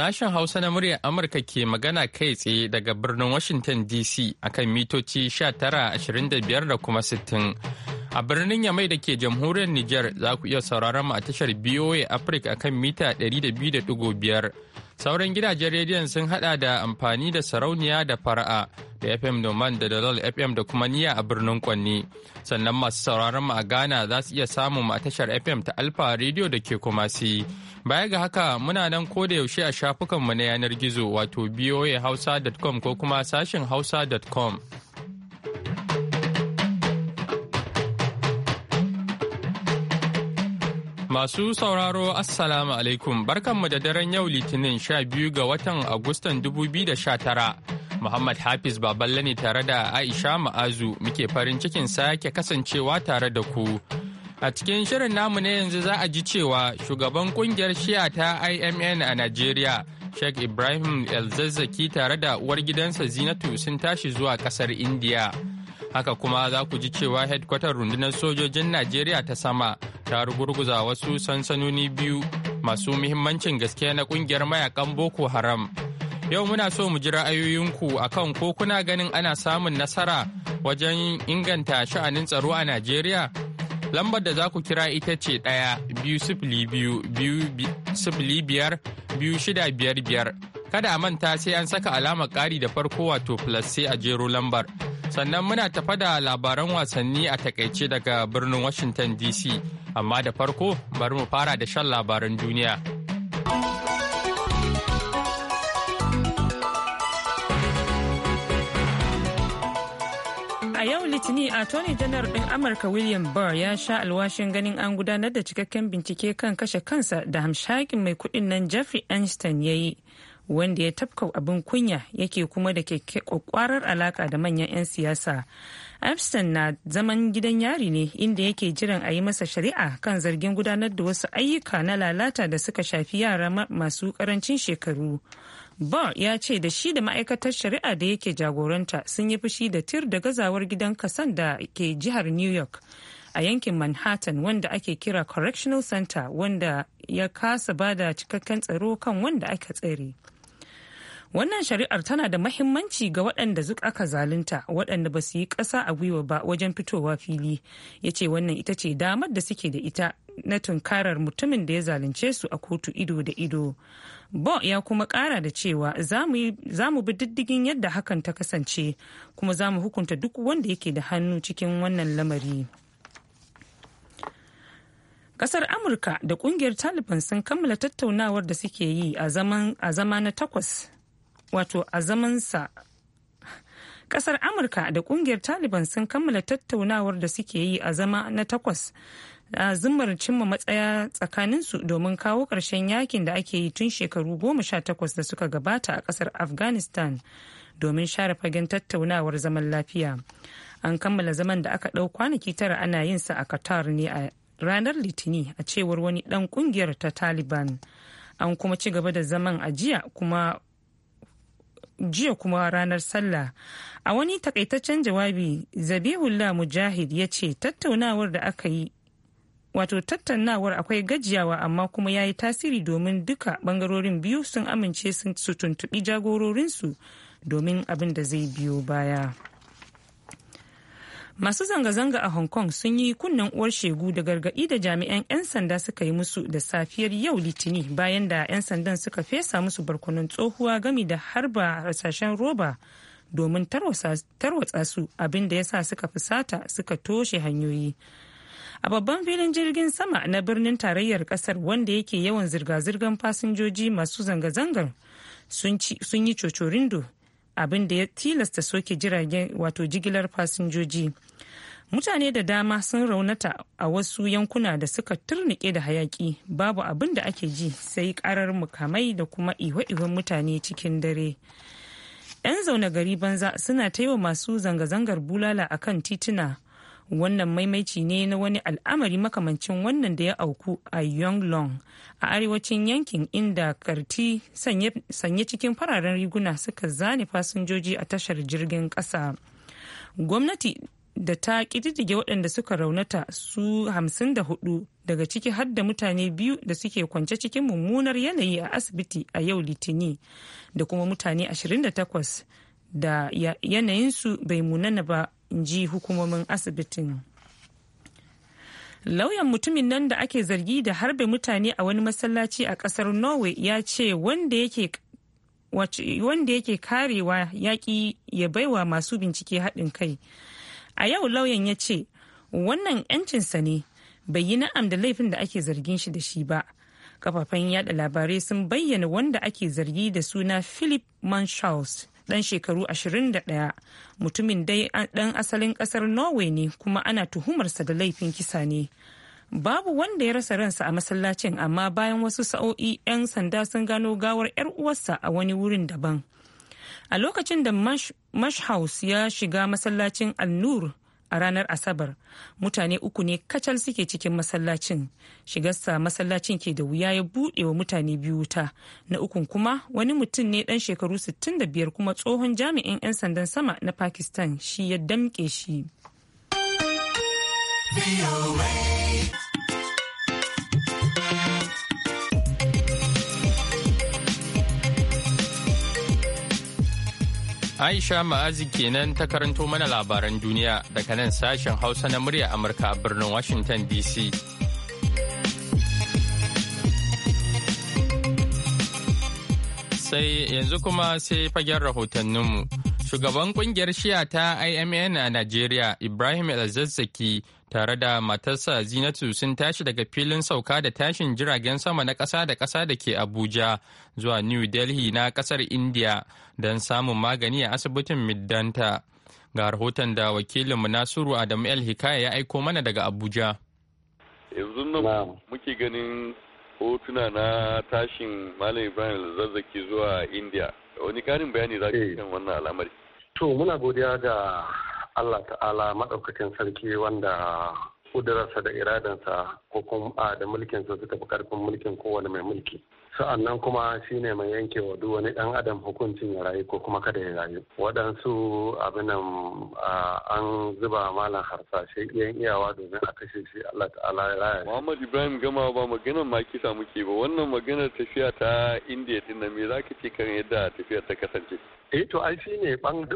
Sashen Hausa na muryar Amurka ke magana kai tsaye daga birnin Washington DC akan mitoci 1925 da kuma 60. A birnin Yamai da ke jamhuriyar Nijar za ku iya sauraron mu a tashar BOA Africa akan mita 200.5. Sauran gidajen rediyon sun hada da amfani da sarauniya da fara'a da FM Noman da Dalol FM da kuma niya a birnin Kwanni. Sannan masu sauraron mu a Ghana za su iya samun mu a tashar FM ta Alfa Radio da ke Kumasi. Baya ga haka muna nan ko da yaushe a shafukanmu na yanar gizo wato hausa.com ko kuma sashin hausa.com. Masu sauraro Assalamu alaikum mu da daren yau Litinin 12 ga watan Agustan 2019. Muhammad Hafiz Baballe ne tare da Aisha Ma'azu muke farin cikin sake kasancewa tare da ku. A cikin shirin namu ne yanzu za a ji cewa shugaban kungiyar shiya ta IMN a Najeriya, Sheikh Ibrahim El Zazzaki tare da uwar gidansa Zinatu sun tashi zuwa kasar India. haka kuma za ku ji cewa hedkwatar rundunar sojojin najeriya ta sama ta rugurguza wasu sansanoni biyu masu muhimmancin gaske na kungiyar mayakan boko haram yau muna so mu ji ra'ayoyinku akan ko kuna ganin ana samun nasara wajen inganta sha'anin tsaro a najeriya lambar da za ku kira ita ce ɗaya biyu sifili biyu biyu sifili biyar biyu shida biyar biyar Kada a manta sai an saka alamar ƙari da farko wato plus sai a jero lambar. Sannan muna tafa da labaran wasanni a takaice daga birnin Washington DC. Amma da farko bari mu fara da shan labaran duniya. a yau litinin attorney general din amurka william burr ya sha alwashin ganin an gudanar da cikakken bincike kan kashe kansa da hamshakin mai kudin nan jeffrey einstein ya yi wanda ya tafka abin kunya yake kuma da kwakwarar alaka da manyan 'yan siyasa epstein na zaman gidan yari ne inda yake jiran a yi masa shari'a kan zargin gudanar da wasu ayyuka na lalata da suka shafi yara masu karancin shekaru Barr ya ce da shi da ma'aikatar shari'a da yake jagoranta sun yi fushi da tir da gazawar gidan kasan da ke jihar New York a yankin Manhattan wanda ake kira Correctional Center wanda ya kasa bada cikakken tsaro kan wanda aka tsere. wannan shari'ar tana da mahimmanci ga waɗanda zuk aka zalunta waɗanda ba su yi ƙasa a gwiwa ba wajen fitowa fili ya ce wannan ita ce damar da suke da ita na tunkarar mutumin da ya zalunce su a kotu ido da ido bo ya kuma ƙara da cewa za mu bi diddigin yadda hakan ta kasance kuma za mu hukunta duk wanda yake da hannu cikin wannan lamari. kasar amurka da kungiyar taliban sun kammala tattaunawar da suke yi a zama na takwas wato a zamansa kasar amurka da kungiyar taliban sun kammala tattaunawar da suke yi a zama na takwas a zumar cimma matsaya tsakaninsu domin kawo ƙarshen yakin da ake yi tun shekaru goma sha takwas da suka gabata a kasar afghanistan domin share fagen tattaunawar zaman lafiya an kammala zaman da aka ɗau kwanaki tara ana yin sa a qatar ne a ranar litini a cewar wani ɗan kungiyar ta taliban an kuma ci gaba da zaman a jiya kuma jiya kuma ranar sallah a wani takaitaccen jawabi zabihullah mujahid ya ce tattaunawar da aka yi wato tattaunawar akwai gajiyawa amma kuma ya yi tasiri domin duka bangarorin biyu sun amince su tuntuɓi jagororinsu domin abin da zai biyo baya. masu zanga-zanga a hong kong sun yi kunnen uwar shegu da gargaɗi da jami'an 'yan sanda suka yi musu da safiyar yau litini bayan da 'yan sandan suka fesa musu barkonon tsohuwa gami da harba hasashen roba domin tarwatsa su abin da ya sa suka fusata suka toshe hanyoyi a babban filin jirgin sama na birnin tarayyar kasar wanda yake yawan zirga-zirgar fasinjoji masu zanga-zangar sun yi cocorindo abin da ya tilasta soke jiragen wato jigilar fasinjoji mutane da dama sun raunata a wasu yankuna da suka turnike da hayaki babu abin da ake ji sai karar mukamai da kuma iwe ihwen mutane cikin dare 'yan zaune gari banza suna ta yi wa masu zanga-zangar bulala akan tituna wannan maimaici ne na wani al'amari makamancin wannan da ya auku a yonglong a arewacin yankin inda karti sanye cikin fararen riguna suka zane fasinjoji a tashar jirgin kasa gwamnati da ta kididdige waɗanda suka raunata su 54 daga ciki har da mutane biyu da suke kwance cikin mummunar yanayi a asibiti a yau litini da kuma mutane 28 da yanayinsu bai munana ba in ji hukumomin asibitin lauyan mutumin nan da ake zargi da harbe mutane a wani masallaci a kasar norway ya ce wanda yake karewa yaƙi ya baiwa masu bincike haɗin kai a yau lauyan ya ce wannan 'yancinsa ne bai yi na'am da laifin da ake zargin shi da shi ba kafafen yada labarai sun bayyana wanda ake zargi da suna philip manshaus dan shekaru 21 mutumin dai dan asalin kasar norway ne kuma ana tuhumarsa da laifin kisa ne babu wanda ya rasa ransa a masallacin amma bayan wasu sa'o'i 'yan sanda sun gano gawar 'yar uwarsa a wani wurin daban a lokacin da mash house ya shiga masallacin al-nur a ranar asabar mutane uku ne kacal suke cikin masallacin shigarsa masallacin ke da wuya ya buɗe wa mutane biyu wuta na ukun kuma wani mutum ne ɗan shekaru 65 kuma tsohon jami'in 'yan sandan sama na pakistan shi ya damƙe shi. Aisha Ma'azi kenan ta karanto mana labaran duniya daga nan sashen Hausa na murya Amurka a birnin Washington DC. Sai yanzu kuma sai fagen rahotanninmu. Shugaban kungiyar shiya ta IMN a Najeriya Ibrahim Elzazzaki tare da matarsa Zinatu sun tashi daga filin sauka da tashin jiragen sama na ƙasa da ƙasa da ke Abuja zuwa New Delhi na ƙasar India. don samun magani a asibitin middanta ga rahoton da wakilinmu nasiru adamu el hikaya ya aiko mana daga abuja yanzu nan muke ganin hotuna na tashin malam ibrahim zazzaki zuwa india wani karin bayani za ka eh. kan wannan al'amari to muna godiya ga allah ta'ala maɗaukakin sarki wanda kudurarsa da iradansa ko kuma da mulkinsa suka fi karfin mulkin kowane mai mulki sa'annan kuma shine mai yanke wa duk wani dan adam hukuncin ya rayu ko kuma kada ya rayu waɗansu abinan an zuba malam harsashe yan iyawa domin a kashe shi Allah ta'ala ya raya Muhammad Ibrahim gama ba maganar ma kisa muke ba wannan maganar tafiya ta India din nan me zaka ce kan yadda tafiyar ta kasance eh to ai shine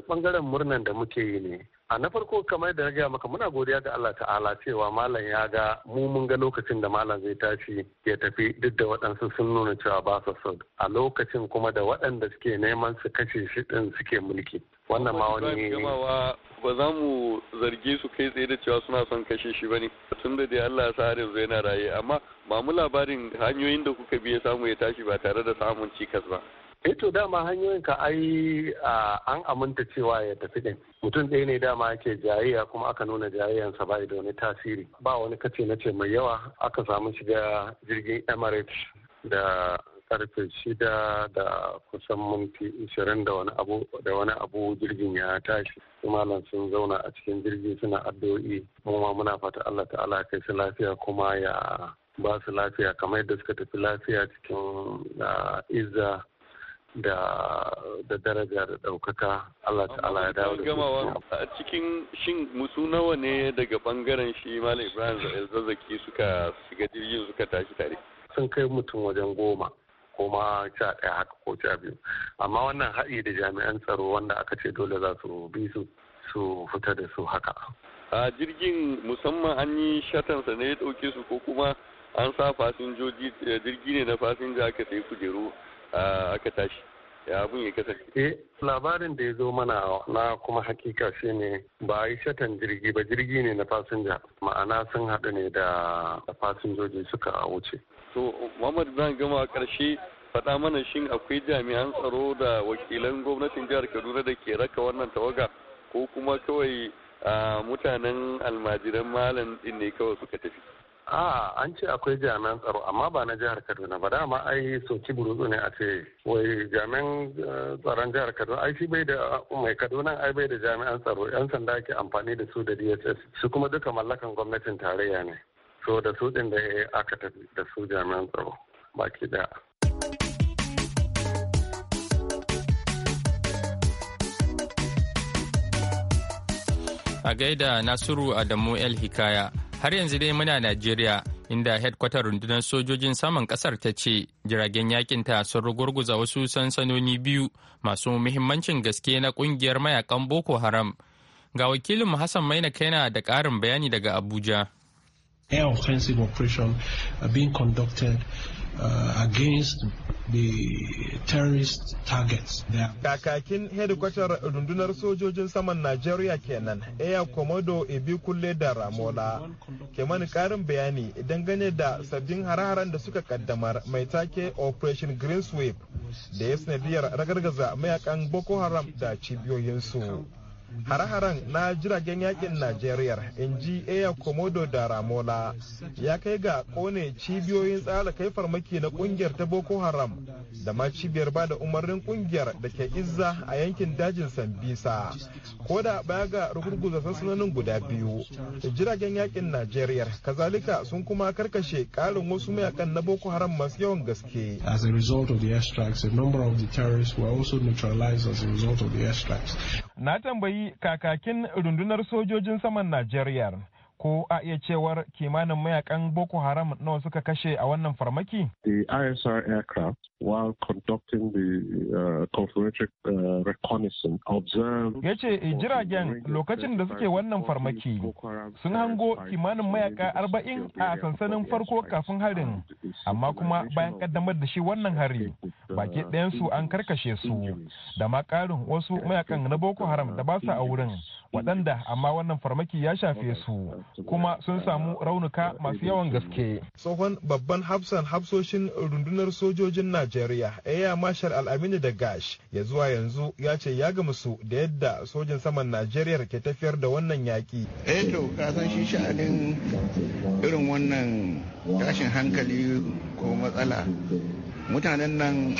bangaren murnan da muke yi ne a na farko kamar da na gaya maka muna godiya ga Allah ta'ala cewa malam ya ga mu mun ga lokacin da malam zai tashi ya tafi duk da waɗansu sun nuna cewa ba su son a lokacin kuma da waɗanda suke neman su kashe shi din suke mulki wannan ma wani ba za mu zarge su kai tsaye da cewa suna son kashe shi bane tunda dai Allah ya sa har yanzu yana raye amma ba mu labarin hanyoyin da kuka ya samu ya tashi ba tare da samun cikas ba Eh to dama hanyoyin ka ai an aminta cewa ya tafi din mutum ɗaya ne dama yake jayayya kuma aka nuna jayayyansa ba da wani tasiri ba wani kace na ce mai yawa aka samu shiga jirgin emirates da karfe shida da kusan minti ishirin da wani abu jirgin ya tashi malam sun zauna a cikin jirgi suna addu'o'i mu muna fata Allah ta'ala kai su lafiya kuma ya ba su lafiya kamar yadda suka tafi lafiya cikin izza da da daraja da ɗaukaka Allah ta'ala ya dawo da gamawa a cikin shin musu nawa ne daga bangaren shi Malam Ibrahim da zazzaki suka shiga jirgin suka tashi tare sun kai mutum wajen goma kuma sha ɗaya haka ko sha biyu amma wannan haɗi da jami'an tsaro wanda aka ce dole za su bi su su fita da su haka a jirgin musamman an yi shatansa ne ya ɗauke su ko kuma an sa fasinjoji eh, jirgi ne na fasinja aka sai kujeru aka tashi ya abin ya kasance. Eh labarin da ya zo mana na kuma hakika shi ne ba a yi shatan jirgi ba jirgi ne na fasinja ma'ana sun haɗu ne da fasinjoji suka wuce. To Muhammad zan gama ƙarshe faɗa mana shi akwai jami'an tsaro da wakilan gwamnatin jihar Kaduna da ke raka wannan tawaga ko kuma kawai mutanen almajiran malam ɗin ne kawai suka tafi. a an ce akwai jami'an tsaro amma ba na jihar kaduna ba dama ai soki burutsu ne a ce wai jami'an eh, tsaron jihar kaduna ai shi bai da mai kaduna ai bai da jami'an tsaro yan sanda ake amfani da su da dss su kuma duka mallakan gwamnatin tarayya ne so da su din da aka tafi da su jami'an tsaro baki daya a gaida nasiru adamu el hikaya har yanzu dai muna Najeriya inda headkwatar rundunar sojojin saman kasar ta ce jiragen yakinta sun rugurguza wasu sansanoni biyu masu muhimmancin gaske na kungiyar mayakan Boko Haram. Ga wakilin Hassan Maina Kaina da ƙarin bayani daga Abuja. air offensive operation uh, being conducted uh, against the terrorist targets Kakakin hedikwatar rundunar sojojin saman Najeriya kenan, Air Komodo Ibi Kulle da Ramola. Keman karin bayani gane da sabbin hare-haren da suka kaddamar mai take Operation Green Sweep da ya sanadiyar ragargaza mayakan Boko Haram da cibiyoyinsu. hare-haren na jiragen yakin najeriya in ji eya komodo da ramola ya kai ga kone cibiyoyin tsara kai farmaki na kungiyar ta boko haram da ma cibiyar ba da umarnin kungiyar da ke izza a yankin dajin sambisa ko da baya ga rugurguza sansanonin guda biyu jiragen yakin najeriya kazalika sun kuma karkashe karin wasu mayakan na boko haram masu yawan gaske as a result of the airstrikes a number of the terrorists were also neutralized as a result of the airstrikes na tambayi kakakin rundunar sojojin saman Najeriya ko a iya cewar kimanin mayakan Boko Haram nawa suka kashe a wannan farmaki? The ISR aircraft while conducting the uh, confirmatory uh, reconnaissance observed ya ce eh, jiragen lokacin da suke wannan farmaki sun hango kimanin mayaka arba'in a sansanin farko kafin harin amma kuma bayan kaddamar da shi wannan hari uh, baki ɗayansu an karkashe su da ma ƙarin wasu mayakan na boko haram da ba su a wurin waɗanda amma wannan farmaki ya shafe su kuma sun samu raunuka masu yawan gaske tsohon babban hafsan hafsoshin rundunar sojojin najeriya Najeriya eya Marshal Al-Aminu da Gash ya zuwa yanzu ya ce ya gamu su da yadda sojin saman Najeriya ke tafiyar da wannan yaki. Eh to ka san shi sha'anin irin wannan tashin hankali ko matsala mutanen nan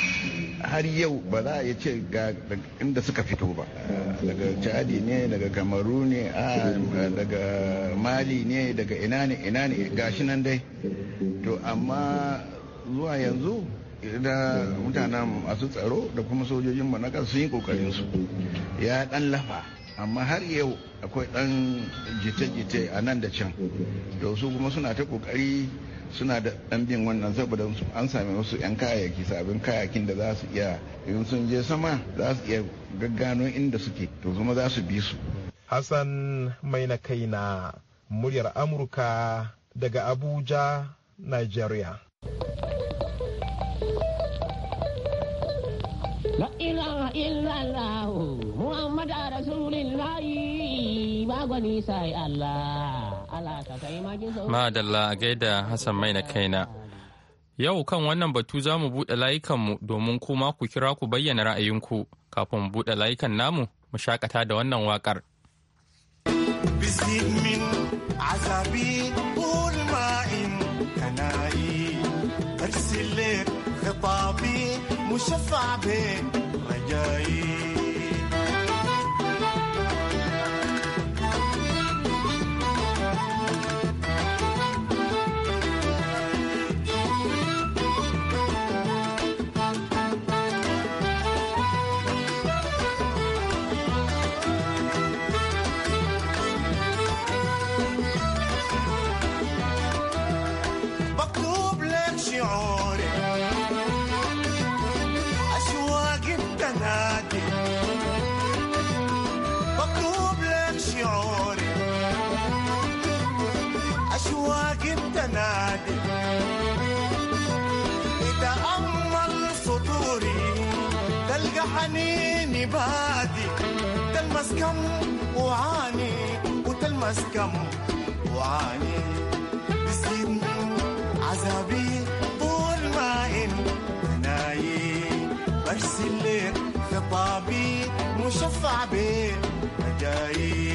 har yau ba za a yi ce ga inda suka fito ba daga chadi ne daga kamaru ne daga mali ne daga ina ne ina ne gashi nan dai to amma zuwa yanzu da mutanen masu tsaro da kuma sojojin manaka sun yi kokarin su ya dan lafa amma har yau akwai dan jite-jite a nan da can da su kuma suna ta kokari suna da dan bin wannan saboda an sami wasu yan kayayyaki sabbin kayayyakin da za su iya in sun je sama za su iya gaggano inda suke to kuma za su bi su hassan mai na kai na muryar amurka daga abuja nigeria La ilaha illallah Muhammad Rasulullah ba gwani sai Allah Allah ka kai Madalla gaida Hassan mai na kaina Yau kan wannan batu za mu buɗe layukanmu domin kuma ku kira ku bayyana ra'ayinku kafin buɗe layukan namu mu shakata da wannan waƙar. عذابي قول ما إن وشفع بين رجايب حنيني بادي تلمس كم وعاني وتلمس كم وعاني بسن عذابي طول ما انت نايم برسل خطابي مشفع بالمجايب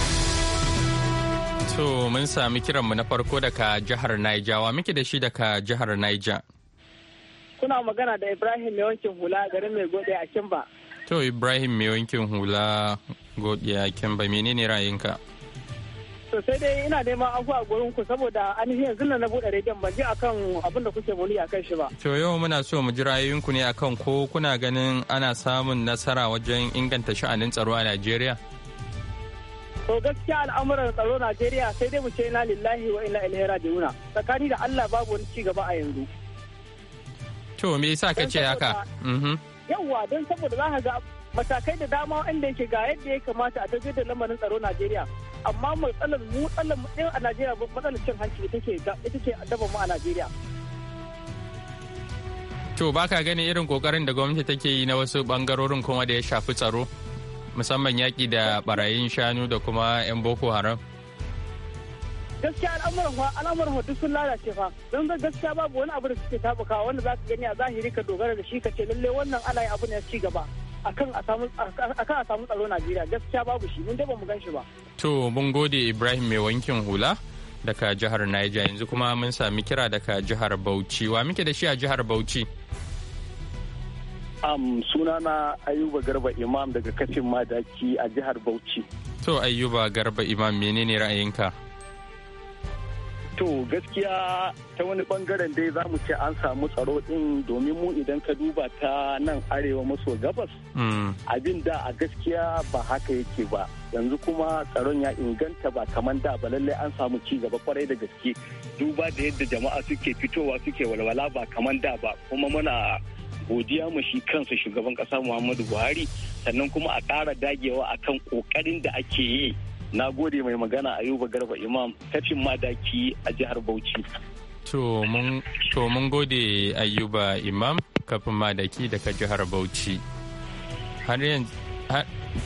To mun sami kiranmu na farko daga jihar Niger. Wa muke da shi daga jihar Niger? Kuna magana da Ibrahim mai wankin hula garin mai gode a Kimba. To Ibrahim mai wankin hula gode a Kimba menene ra'ayinka? To sai dai ina neman abuwa a gurin ku saboda ainihin yanzu na bude rediyon ban ji akan abin da kuke muni akan shi ba. To yau muna so mu ji ra'ayinku ne akan ko kuna ganin ana samun nasara wajen inganta sha'anin tsaro a Najeriya? to gaskiya al'amuran tsaro Najeriya sai dai mu ce na lillahi wa inna ilaihi raji'una tsakani da Allah babu wani cigaba a yanzu to me yasa ka ce haka mhm. yawwa don saboda za ka ga matakai da dama inda yake ga yadda ya kamata a tafiyar da lamarin tsaro Najeriya amma matsalar mu tsallar mu a Najeriya matsalar cin hanci take ita ce addaba mu a Najeriya to baka gani irin kokarin da gwamnati take yi na wasu bangarorin kuma da ya shafi tsaro musamman yaƙi da barayin shanu da kuma 'yan boko haram gaskiya al'amuran fa duk sun lalace fa don zai gaskiya babu wani abu da suke tabuka wanda za ka gani a zahiri ka dogara da shi ka ce lalle wannan ala abu ne ci gaba akan a samu akan a samu tsaro Najeriya gaskiya babu shi mun dai ba mu gan shi ba to mun gode Ibrahim mai wankin hula daga jihar Niger yanzu kuma mun sami kira daga jihar Bauchi wa muke da shi a jihar Bauchi Um, sunana Ayuba Garba Imam daga kafin madaki a jihar Bauchi. To Ayuba Garba Imam menene ra'ayinka? To gaskiya ta wani bangaren dai za mu ce an samu tsaro din domin mu idan ka duba ta nan arewa maso gabas. Mm. Abin da a gaskiya ba haka yake ba. Yanzu kuma tsaron ya inganta ba kamar da ba lallai an samu ci gaba kwarai da gaske. Duba da yadda jama'a suke fitowa suke walwala ba kamar da ba kuma muna godiya ma shi kansa shugaban kasa Muhammadu Buhari sannan kuma a ƙara dagewa akan ƙoƙarin da ake yi. Na gode mai magana Ayuba Garba Imam kafin madaki a jihar Bauchi. To mun gode Ayuba Imam kafin madaki daga jihar Bauchi. Har yanzu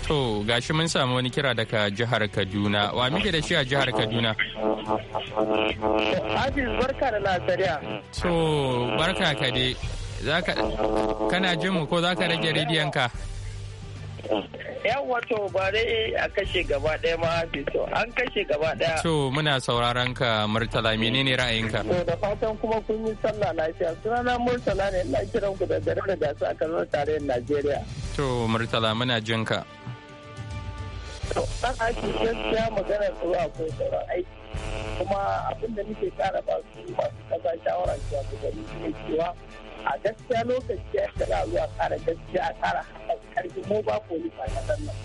To gashi mun samu wani kira daga jihar Kaduna. Wa muke da shi a jihar Kaduna? Hafiz barka da lasariya. To barka ka dai. kana jin mu ko za ka rage rediyon ka yan wato ba dai a kashe gaba ɗaya ma to an kashe gaba ɗaya to muna sauraron ka murtala menene ra'ayinka to da fatan kuma kun yi sallah lafiya sunana murtala ne ina kiran ku da dare da gasa a kanar tarihin najeriya to murtala muna jin ka to dan aiki gaskiya magana tsaro ko tsaron aiki kuma abin da muke kara ba su masu kasa shawara cewa a cewa a gaskiya lokaci ya kira zuwa kara gaskiya a kara karfi mobile police a kasar nan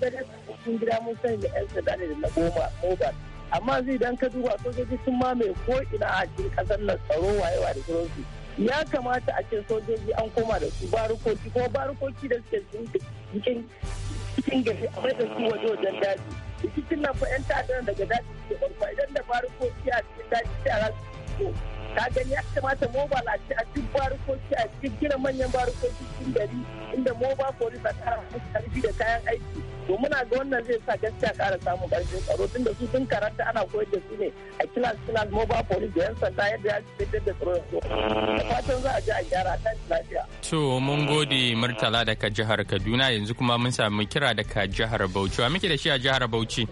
ga dai cikin gida mun sani da yan sanda ne da na goma mobile amma zai dan ka duba sojoji sun mamaye ko ina a cikin kasar nan tsaro wayewa da sauransu ya kamata a ce sojoji an koma da su barukoki ko barukoki da suke cikin cikin gari a mai da su waje wajen daji cikin nan fa yan ta'addan daga daji suke idan da barukoki a cikin daji sai a ka gani ya kamata mobile a ci a cikin barikoki a cikin gina manyan barikoki cikin gari inda mobile police a kara musu karfi da kayan aiki to muna ga wannan zai sa gaskiya kara samun karfin tsaro tunda su sun karanta ana koyar da su ne a kilas kilas mobile police da yan sanda yadda ya fitar da tsaro da fatan za a ji a gyara ta lafiya. to mun gode murtala daga jihar kaduna yanzu kuma mun sami kira daga jihar bauchi wa muke da shi a jihar bauchi.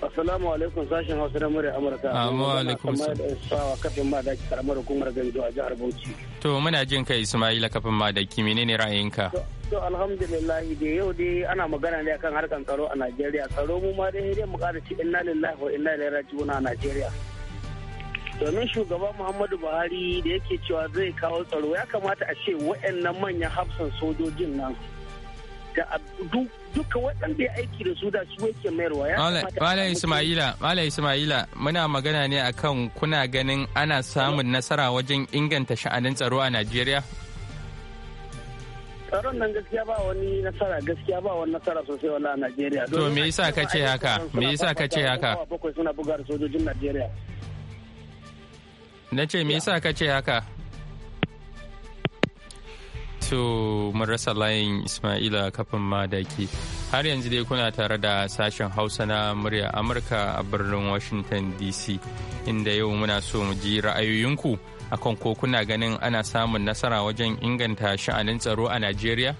Assalamu alaikum sashen Hausa na murya Amurka. Amma ah, alaikum da Sawa kafin madaki karamar hukumar a jihar Bauchi. To muna jin kai Ismaila kafin ma da ne ne ra'ayinka? To alhamdulillah da yau dai ana magana ne akan harkan tsaro a Najeriya. Tsaro mu ma dai dai mu kada ci inna lillahi wa inna ilaihi raji'un a Najeriya. Domin shugaban Muhammadu Buhari da yake cewa zai kawo tsaro ya kamata a ce waɗannan manyan hafsan sojojin nan da duka waɗanda ya aiki da su da su yake mayarwa ya Mala Ismaila, Mala Ismaila, muna magana ne akan kuna ganin ana samun nasara wajen inganta sha'anin tsaro a Najeriya? Tsaron nan gaskiya ba wani nasara, gaskiya ba wani nasara sosai wala a Najeriya. To me yasa ka ce haka? Me yasa ka ce haka? Bakwai suna buga da sojojin Najeriya. Na ce me yasa ka ce haka? so mun rasa layin Ismaila kafin madaki. Har yanzu dai kuna tare da sashen Hausa na murya Amurka a birnin Washington DC inda yau muna so mu ji ra'ayoyinku akan ko kuna ganin ana samun nasara wajen inganta sha'anin tsaro a Najeriya?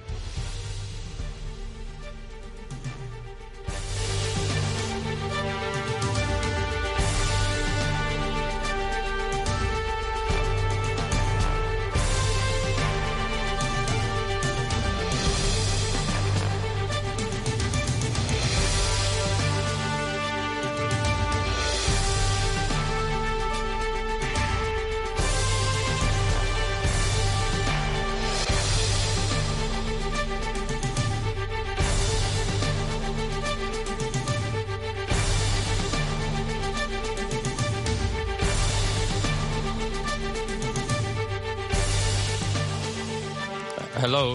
hello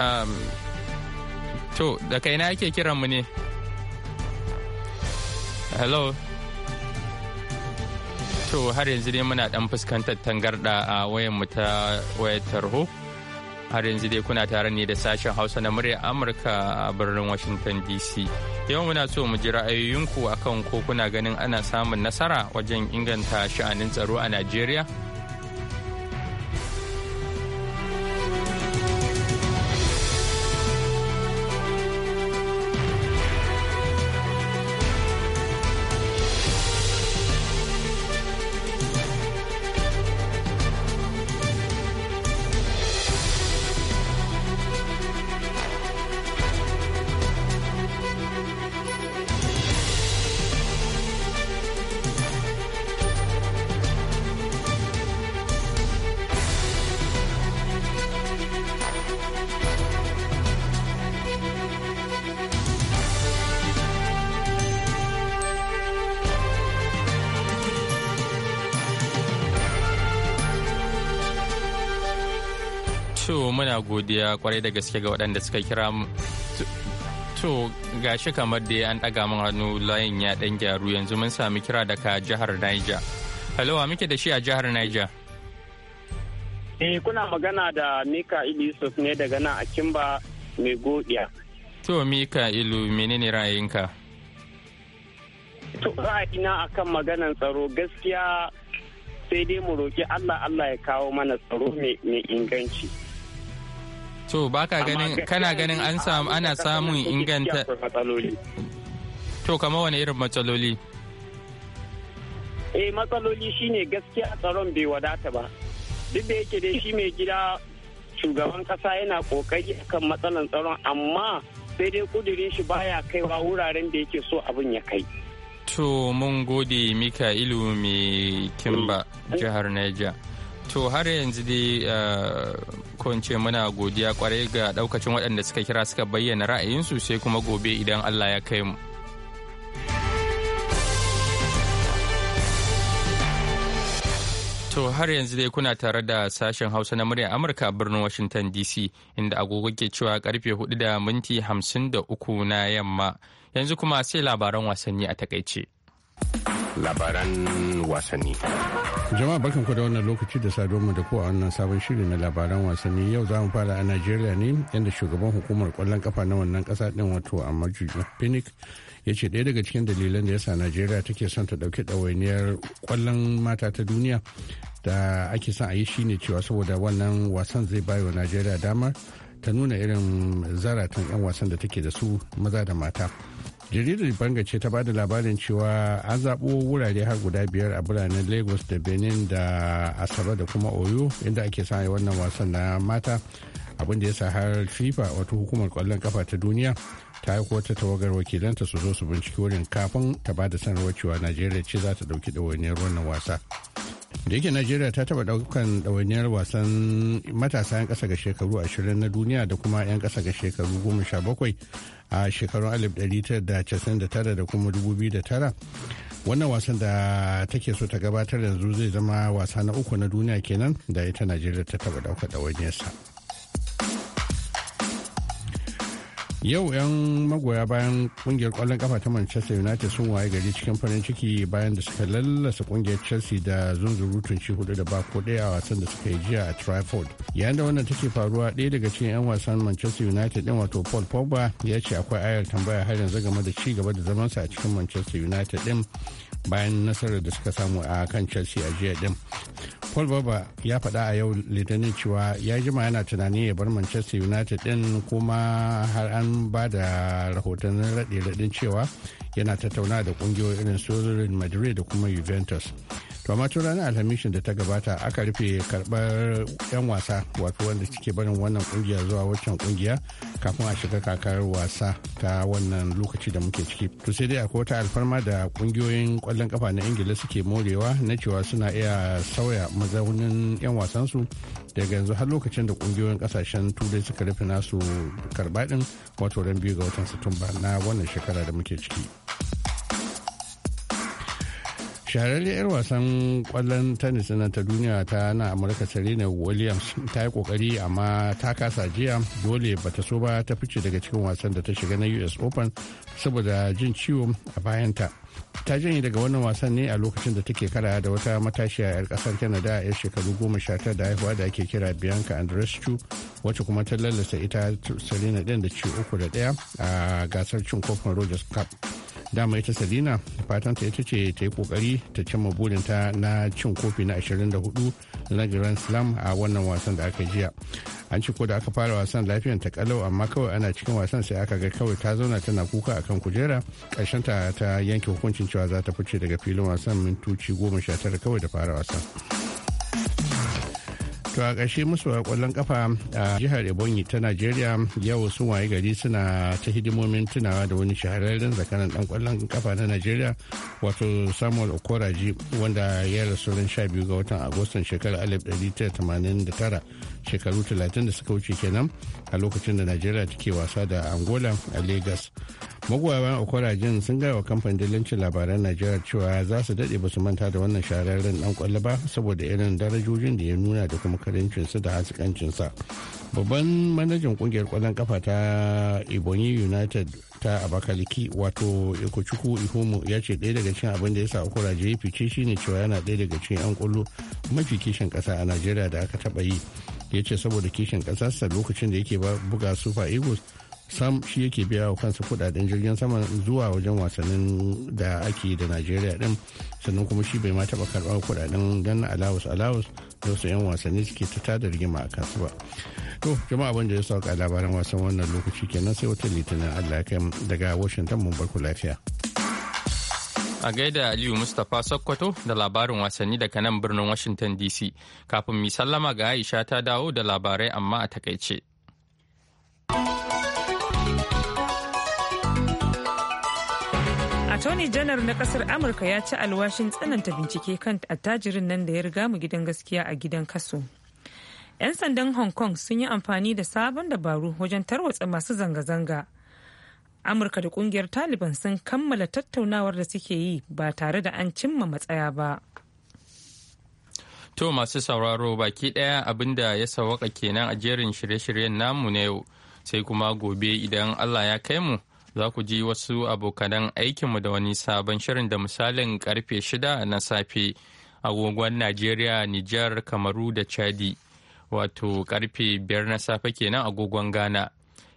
um, to da kaina ake kiran mu ne hello to har yanzu dai muna dan fuskantar tangarda a wayan mu ta wayar tarho har yanzu dai kuna tare ne da sashen hausa na murya amurka a birnin washington dc yau muna so mu ji ra'ayoyinku akan ko kuna ganin ana samun nasara wajen inganta sha'anin tsaro a najeriya muna godiya kwarai da gaske ga waɗanda suka kira to gashi kamar da an ɗaga min hannu layin ya ɗan gyaru yanzu mun sami kira daga jihar Niger. Hello, wa muke da shi a jihar Niger? Eh, kuna magana da Mika Yusuf ne daga nan a Kimba mai godiya. To, Mika Ilu, menene ra'ayinka? To, ra'ayina akan maganan tsaro gaskiya sai dai mu roƙi Allah Allah ya kawo mana tsaro mai inganci. to baka ganin kana ganin an samu ana samun inganta to kama wani irin matsaloli eh matsaloli shine gaskiya tsaron bai wadata ba duk da yake dai shi mai gida shugaban kasa yana kokari akan matsalan tsaron amma sai dai kudirin shi baya kaiwa wuraren da yake so abin ya kai to mun gode mika'ilu mai kimba mm. jihar niger to har yanzu dai eh, ko ce muna godiya kwarai ga daukacin waɗanda suka kira suka bayyana ra'ayinsu sai kuma gobe idan Allah ya kai mu. To har yanzu dai kuna tare da sashen Hausa na muryar Amurka a birnin Washington DC inda agogo ke cewa karfe 4 da minti 53 na yamma. Yanzu kuma sai labaran wasanni a takaice. labaran wasanni. Jama'a barkan ku da wannan lokaci da mu da kowa wannan sabon shiri na labaran wasanni yau za mu fara a Najeriya ne yadda shugaban hukumar kwallon kafa na wannan kasa din wato a majuju Phoenix ya ce ɗaya daga cikin dalilan da yasa Najeriya take son ta ɗauki ɗawainiyar kwallon mata ta duniya da ake son a yi shi ne cewa saboda wannan wasan zai bayo Najeriya damar ta nuna irin zaratan 'yan wasan da take da su maza da mata. jaridar banga ce ta ba da labarin cewa an zaɓo wurare har guda biyar a biranen lagos da benin da asaba da kuma oyo inda ake sa wannan wasan na mata abin da ya sa har fifa wata hukumar kwallon kafa ta duniya ta yi wata tawagar wakilanta su zo su binciki wurin kafin ta ba da sanarwar cewa najeriya ce za ta ɗauki ɗawainiyar wannan wasa da yake najeriya ta taba daukan ɗawainiyar wasan matasa 'yan kasa ga shekaru 20 na duniya da kuma 'yan kasa ga shekaru 17 a shekarun 1999 da kuma 2009 wannan wasan da take so ta gabatar yanzu zai zama wasa na uku na duniya kenan da ita najeriya ta taba ɗaukar ɗawainiyarsa. yau 'yan magoya bayan kungiyar kwallon kafa ta manchester united sun waye gari cikin farin ciki bayan da suka lallasa kungiyar chelsea da zunzurutun ci hudu da bako daya a wasan da suka yi jiya a trafford yayin da wannan take faruwa ɗaya daga cikin 'yan wasan manchester united din wato paul pogba ya ce akwai ayar tambaya har yanzu game da ci gaba da zamansa a cikin manchester united din bayan nasarar da suka samu a kan chelsea a jiya din paul baba ya faɗa a yau litinin cewa ya jima yana tunani ya bar manchester united din kuma har an ba da rahoton raɗe-raɗin cewa yana tattauna da ƙungiyoyi irin su madrid da kuma juventus to amma tun ranar alhamishin da ta gabata aka rufe karɓar 'yan wasa wato wanda suke barin wannan ƙungiya zuwa waccan ƙungiya kafin a shiga kakar wasa ta wannan lokaci da muke ciki to sai dai akwai wata alfarma da kungiyoyin kwallon kafa na ingila suke morewa na cewa suna iya sauya mazaunin 'yan wasansu daga yanzu har lokacin da kungiyoyin kasashen turai suka rufe nasu karba din wato ran biyu ga watan satumba na wannan shekara da muke ciki shahararriyar 'yar wasan kwallon tennis na ta duniya ta na amurka serena williams ta yi kokari amma ta kasa jiya dole bata so ba ta fice daga cikin wasan da ta shiga na us open saboda jin ciwo a bayanta ta janye daga wannan wasan ne a lokacin da take kara da wata matashiya 'yar kasar canada 'yar shekaru goma sha tara da haihuwa da ake kira bianca andrescu wacce kuma ta lallasa ita serena din da ci uku da ɗaya a gasar cin kofin rogers cup dama ita selina fatanta ita ce ta yi kokari ta cimma burinta na cin kofi na 24 na grand slam a wannan wasan da aka jiya an ci ko da aka fara wasan lafiyan ta kalau amma kawai ana cikin wasan sai aka ga kawai ta zauna tana kuka akan kujera karshen ta yanke hukuncin cewa za ta fice daga filin wasan mintoci goma sha tara kawai da fara wasan. To a ƙarshe musu a ƙwallon kafa a jihar Ebonyi ta Najeriya yau sun waye gari suna ta hidimomin tunawa da wani shahararren zakanan ɗan ƙwallon kafa na Najeriya wato Samuel Okoraji wanda ya rasu ran biyu ga watan Agustan shekarar 1989 shekaru 30 da suka wuce kenan a lokacin da Najeriya take wasa da Angola a Lagos. Magoya Okorajin sun gaya wa kamfanin dillancin labaran Najeriya cewa za su daɗe ba su manta da wannan shahararren ɗan ƙwallo ba saboda irin darajojin da ya nuna da kuma karincinsa da hasikancinsa babban manajan kungiyar kwallon kafa ta ebonyi united ta abakaliki wato ikuchukwu ihumu ya ce ɗaya daga cikin abin da ya sa kuraje ya fice ne cewa yana ɗaya daga cikin 'yan kwallo mafi kishin ƙasa a najeriya da aka taɓa yi ya ce saboda kishin ƙasarsa lokacin da yake buga super eagles sam shi yake biya wa kansa kudaden jirgin sama zuwa wajen wasannin da ake da najeriya din sannan kuma shi bai ma taba karɓar kudaden ganna alawus alawus da wasu 'yan wasanni suke ta tada rigima a kansu ba to jama'a ban da ya sauka labaran wasan wannan lokaci kenan sai wata litinin allah ya daga washington mun barku lafiya a gaida aliyu mustapha sokoto da labarin wasanni daga nan birnin washington dc kafin mi sallama ga aisha ta dawo da labarai amma a takaice attorney janar na kasar amurka ya ci alwashin tsananta bincike kan attajirin nan da ya riga mu gidan gaskiya a gidan kaso 'yan sandan hong kong sun yi amfani da sabon dabaru wajen tarwatsa masu zanga-zanga amurka da kungiyar taliban sun kammala tattaunawar da suke yi ba tare da an cimma matsaya ba to masu sauraro baki daya abinda ya sawaka kenan a jerin shirye-shiryen namu na yau sai kuma gobe idan allah ya kai mu za ku ji wasu abokanan aikinmu da wani sabon shirin da misalin karfe shida na safe agogon Najeriya, Nijar, Kamaru da Chadi, wato karfe biyar na safe kenan agogon Ghana.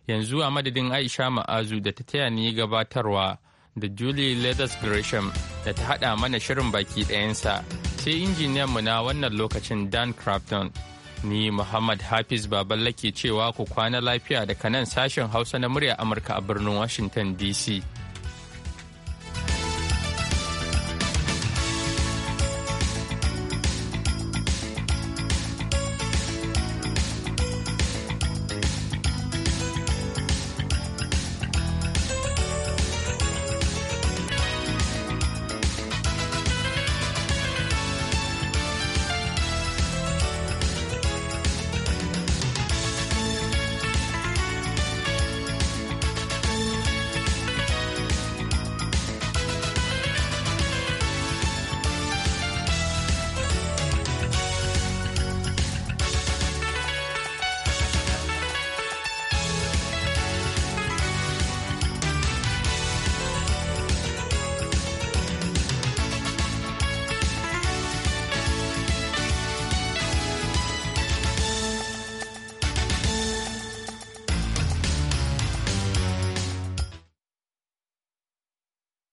Yanzu a madadin Aisha Ma'azu da ta taya ni gabatarwa da Julie Leathers Gresham da ta hada mana shirin baki dayansa sai injiniyanmu na wannan lokacin Dan Crafton. Ni Muhammad Hafiz Baballa ke cewa ku kwana lafiya daga nan sashen Hausa na murya Amurka a birnin Washington DC.